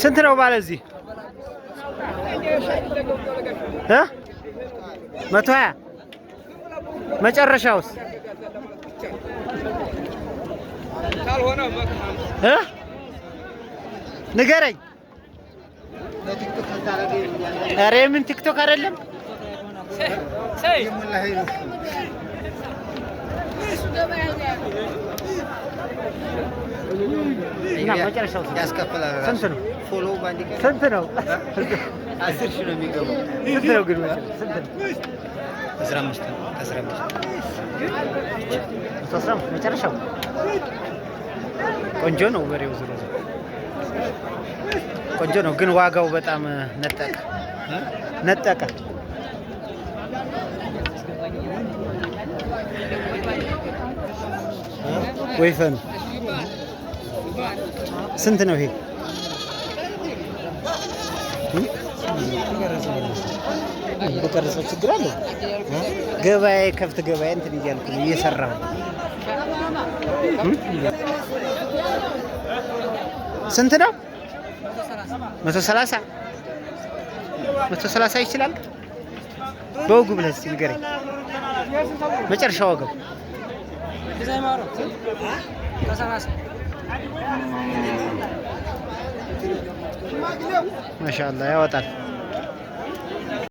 ስንት ነው ባለ እዚህ እ መቶ ሀያ መጨረሻውስ እ ንገረኝ። ኧረ የምን ቲክቶክ አይደለም መጨረሻው ያስከፍላል። ስንት ነው? ፎሎ ስንት ነው? አስር ሺህ ነው የሚገባው። ስንት ነው ግን? ስንት ነው? አስራ አምስት ነው። አስራ አምስት መጨረሻው ቆንጆ ነው። በሬው ዝሮ ቆንጆ ነው፣ ግን ዋጋው በጣም ነጠቀ ነጠቀ። ወይፈን ስንት ነው ይሄ? በቀረጸው ችግር አለ። ገበያ ከብት ገበያ እንትን እያልኩ ነው እየሰራሁ። ስንት ነው? መቶ ሰላሳ መቶ ሰላሳ ይችላል። በውጉ ብለህ እስኪ ንገረኝ። መጨረሻ ወገብ ማሻአላ ያወጣል።